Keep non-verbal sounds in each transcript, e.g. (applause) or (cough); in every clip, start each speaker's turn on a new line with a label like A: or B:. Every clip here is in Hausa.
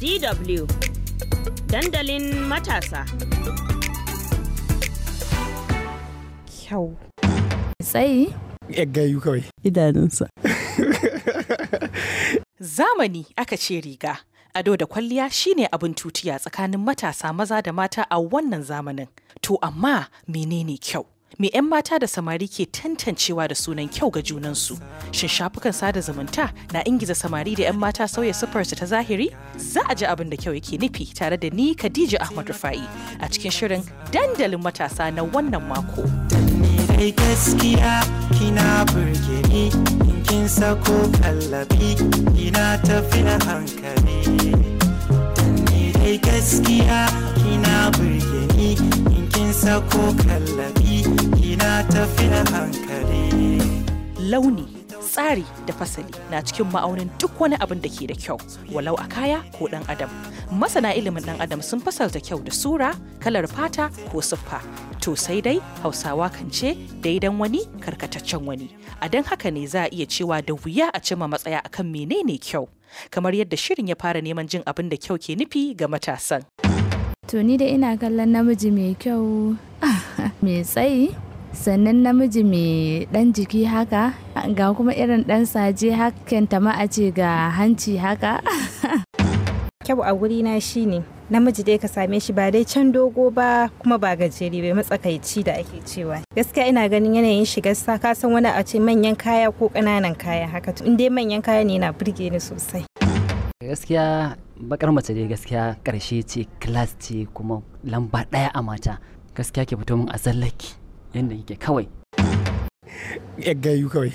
A: DW dandalin matasa. Kyau. Tsayi? Yaggayu kawai. Idanunsa.
B: (laughs) Zamani aka ce riga. Ado da kwalliya shine abin tutiya tsakanin matasa maza da mata a wannan zamanin. To amma menene kyau? me 'yan mata da samari ke tantancewa da sunan kyau ga junansu shin shafukan sada zumunta na ingiza samari da 'yan mata sauya siffarsu ta zahiri za a ji abin da kyau yake nufi tare da ni khadija ahmad rufa'i a cikin shirin dandalin matasa na wannan mako gaskiya kina burge ni kin kin sako kallabi launi tsari da fasali na cikin ma'aunin duk wani abin da ke da kyau walau a kaya ko ɗan adam masana ilimin ɗan adam sun fasalta kyau da sura kalar fata ko siffa to sai dai hausawa kan ce daidan wani karkataccen wani a don haka ne za a iya cewa da wuya a cima matsaya akan menene kyau kamar yadda shirin ya fara neman jin abin da kyau ke nufi ga matasan
A: to ni da ina kallon namiji mai kyau (laughs) mai tsayi sannan namiji mai ɗan jiki haka ga kuma irin ɗan saje hakan ma a ce ga hanci haka (laughs) kyau a wuri na shine namiji dai ka same shi ba dai can dogo ba kuma ba gajeri bai matsakaici da ake cewa gaskiya ina ganin yanayin shigar sa ka san wani a ce manyan kaya ko ƙananan kaya haka tun. dai manyan kaya ne na burge ni sosai
B: gaskiya bakar mace dai gaskiya karshe ce class ce kuma lamba ɗaya a mata gaskiya ke fito min a zallaki yadda yake kawai
A: gayu kawai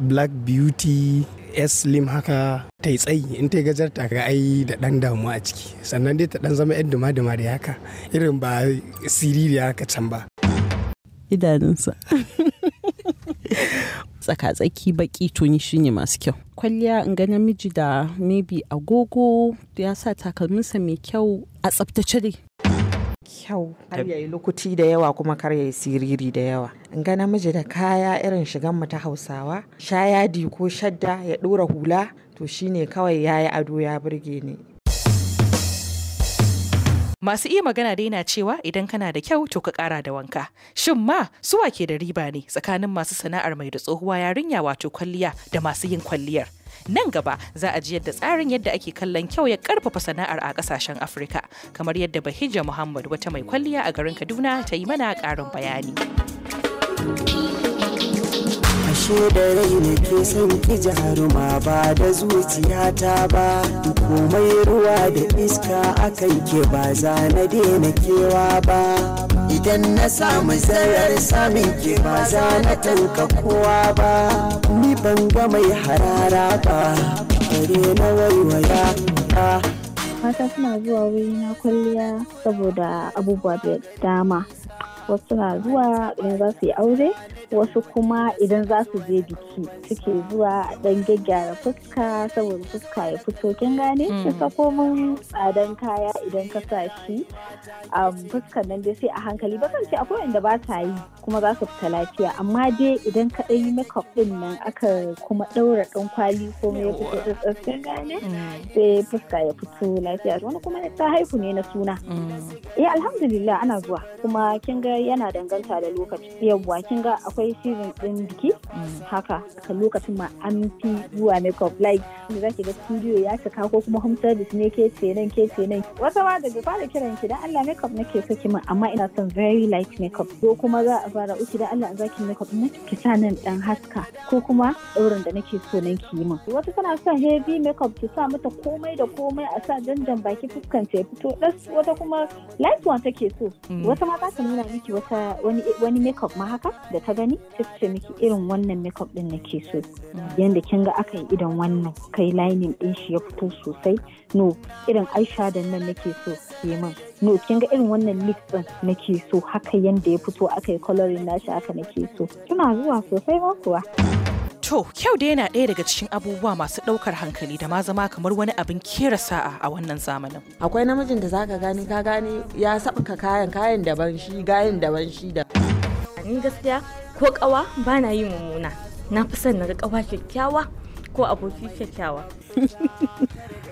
A: black beauty slim haka ta yi tsayi in ta gajar ta ga ai da dan damuwa a ciki sannan dai ta dan zama yan duma duma da haka irin ba siriri haka can ba idanunsa
B: tsaka-tsaki baki tuni shine masu kyau
A: kwalliya in ga namiji
B: da maybe agogo ya sa takalminsa mai kyau a tsaftace dai kyau har yayi lokuti da yawa kuma kar yayi siriri da yawa in ga namiji da kaya irin shigan mu ta hausawa shayadi ko shadda ya ɗora hula to shine kawai yayi ado ya burge ni masu iya magana da na cewa idan kana da kyau to ka kara da wanka shin ma suwa ke da riba ne tsakanin masu sana'ar mai da tsohuwa yarinya wato kwalliya da masu yin kwalliyar nan gaba za a ji yadda tsarin yadda ake kallon kyau ya karfafa sana'ar a kasashen afirka kamar yadda bahija muhammad wata mai kwalliya a garin kaduna ta yi mana karin bayani
C: so da rai ne ke son ki jaruma ba da zuciyata ba komai ruwa da iska akan ke ba za na daina kewa ba idan na samu zarar samun ke ba za na tanka kowa ba ni ban ga mai harara ba kare na waiwaya ba
A: mata suna zuwa wuri na kwalliya saboda abubuwa da dama wasu na zuwa idan za su yi aure wasu kuma idan za su je biki suke zuwa a ɗan gyaggyara fuska saboda fuska ya fito kin gane ka mm. komin tsadan kaya idan ka sa shi um, fuskan nan dai sai a hankali ba ce akwai inda ba ta yi kuma za su fita lafiya amma dai idan ka ɗan yi makeup ɗin nan aka kuma ɗaura ɗan kwali ko ya fito tsattsas kin gane mm. sai fuska ya fito lafiya wani kuma ta haihu ne na suna mm. eh alhamdulillah ana zuwa kuma kin ga yana danganta da lokaci yawwa kin ga akwai season din biki haka ka lokacin ma an fi zuwa makeup like da zaki ga studio ya cika ko kuma home service ne ke ce nan ke ce nan wata ma daga fara kiran ki dan Allah makeup nake saki min amma ina son very light makeup ko kuma za a fara uki dan Allah zaki makeup na ki sa nan dan haska ko kuma daurin da nake so nan ki min wata tana son heavy makeup ki sa mata komai da komai a sa janjan baki fuskan ta fito das wata kuma light one take so mm. wata ma za ta nuna miki wata wani wani makeup ma haka da ta gani gani ce miki irin wannan makeup din nake so yanda kin ga aka yi idan wannan kai lining din shi ya fito sosai no irin aisha da nan nake so ke min no kin ga irin wannan lip din nake so haka yanda ya fito aka yi coloring nashi haka nake so kina zuwa sosai ma kuwa
B: To, kyau da yana ɗaya daga cikin abubuwa masu ɗaukar hankali da ma zama kamar wani abin kera sa'a a wannan zamanin.
A: Akwai namijin da zaka gani ka gani ya saɓaka kayan kayan daban shi gayin daban shi da. Ni gaskiya ko kawa ba na yi mummuna na fi son na ga kawa kyakkyawa ko aboki kyakkyawa (laughs)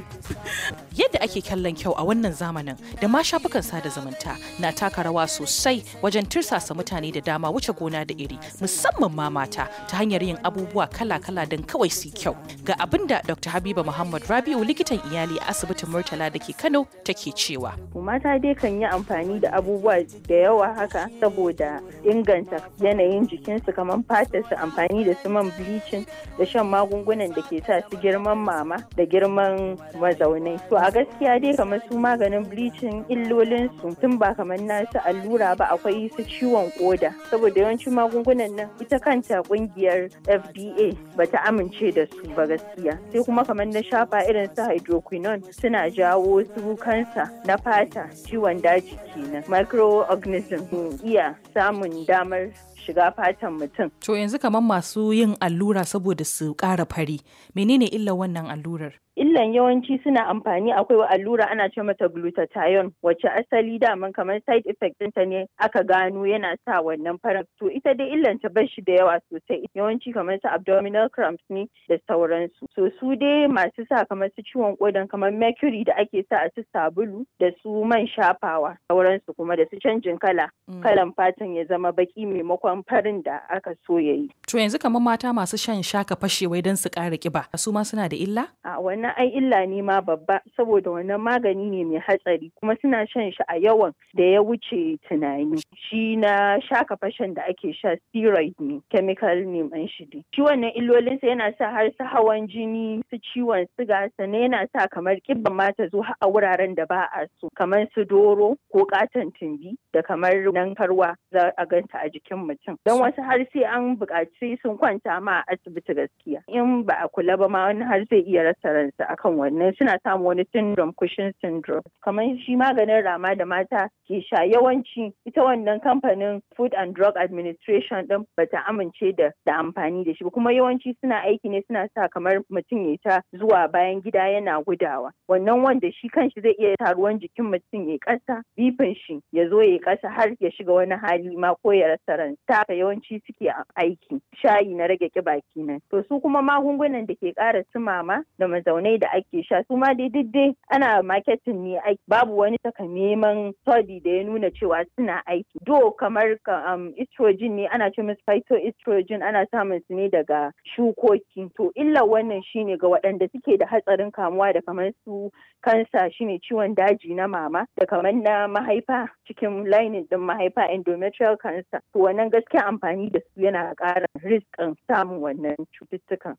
B: Yadda ake kallon kyau a wannan zamanin da ma shafukan sada zumunta na taka rawa sosai wajen tirsasa mutane da dama wuce gona da iri musamman ma mata ta hanyar yin abubuwa kala-kala don kawai su kyau. Ga abin da Dr. Habiba Muhammad Rabi'u likitan iyali a asibitin Murtala da ke Kano take cewa.
C: Mata dai kan yi amfani da abubuwa da yawa haka saboda inganta yanayin jikinsu kamar fatarsu amfani da su man bleaching da shan magungunan da ke sa su girman mama da girman zaune to a gaskiya dai kamar su maganin bleaching illolinsu tun ba kamar nasu allura ba akwai su ciwon koda saboda yawancin magungunan nan ita kanta kungiyar FDA ba ta amince da su ba gaskiya sai kuma kamar na shafa irin su hydroquinone suna jawo su kansa na fata ciwon daji kenan microorganism iya samun damar shiga fatan mutum.
B: To yanzu kamar masu yin allura saboda su ƙara fari, menene illar wannan allurar?
C: Illan yawanci suna amfani akwai wa allura ana ce mata glutathione wacce asali daman kamar side effect ɗinta ne aka gano yana sa wannan farar. To ita dai illan ta bar da yawa sosai yawanci kamar su abdominal cramps ne da sauransu. So su dai masu sa kamar su ciwon kodan kamar mercury da ake sa a su sabulu da su man shafawa sauransu kuma da su canjin kala. Mm. Kalan fatan ya zama baki maimakon farin da aka so ya yi
B: To yanzu kamar mata masu shan shaka fashewai don su ƙara ƙiba, su ma suna da illa?
C: A wannan ai illa ne ma babba saboda wannan magani ne mai hatsari kuma suna shan shi a yawan da ya wuce tunani. Shi na shaka fashen da ake sha steroid ne, chemical ne man shi Shi wannan illolinsa yana sa har su hawan jini, su ciwon siga, sannan yana sa kamar ƙiba ma ta zo a wuraren da ba a so, kamar su doro ko ƙaton tumbi da kamar nan karwa za a ganta a jikin mutum. Don wasu har sai an buƙaci sai sun kwanta ma a asibiti gaskiya in ba a kula ba ma wani har zai iya rasa ransa akan wannan suna samun wani syndrome kushin syndrome kamar shi maganin rama da mata ke sha yawanci ita wannan kamfanin Food and Drug Administration din bata amince da da amfani da shi ba kuma yawanci suna aiki ne suna sa kamar mutum ya ta zuwa bayan gida yana gudawa wannan wanda shi kanshi zai iya taruwan jikin mutum ya kasa bifin shi ya zo ya kasa har ya shiga wani hali ma ko ya rasa ransa ta yawanci suke aiki shayi na rage kiba kenan to su kuma magungunan da ke ƙara tumama da mazaunai da ake sha su ma dai dai ana marketing ne babu wani takamaiman study da ya nuna cewa suna aiki do kamar um, estrogen ne ana ce musu phytoestrogen ana samun su ne daga shukoki to illar wannan shine ga waɗanda suke da hatsarin kamuwa da kamar su kansa shine ciwon daji na mama da kamar na mahaifa cikin lining din mahaifa endometrial cancer to wannan gaskiya amfani da su yana ƙara riskan samun wannan cututtukan.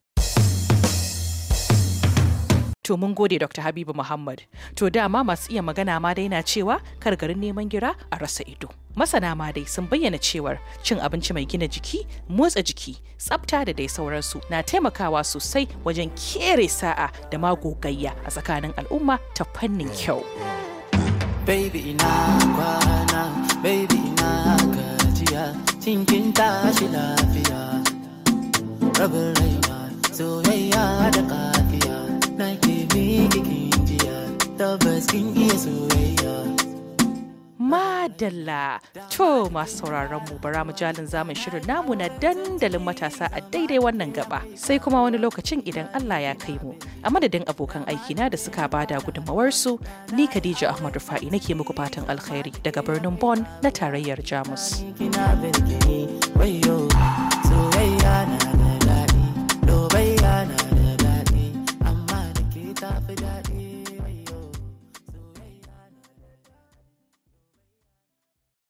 B: To mun gode Dr. Habibu Muhammad. To dama masu iya magana ma dai na cewa kargarin neman gira a rasa ido. Masana ma dai sun bayyana cewar cin abinci mai gina jiki, motsa jiki, tsafta da dai sauransu na taimakawa sosai wajen kere sa'a da magogayya a tsakanin al'umma ta fannin kyau. Baby ina
C: kwana, baby Thinking that she love ya Rubble Rayman So yeah, the coffee Nike, Mickey, King, Gia The best king is who ya.
B: madalla to masu sauraron mu bara mu jalin zamun shirin namu na dandalin matasa a daidai wannan gaba sai kuma wani lokacin idan Allah ya kai mu a madadin abokan aiki na da suka bada gudunmawar su ni Khadija Ahmadu Fa'i nake muku fatan alkhairi daga birnin Bon na tarayyar Jamus.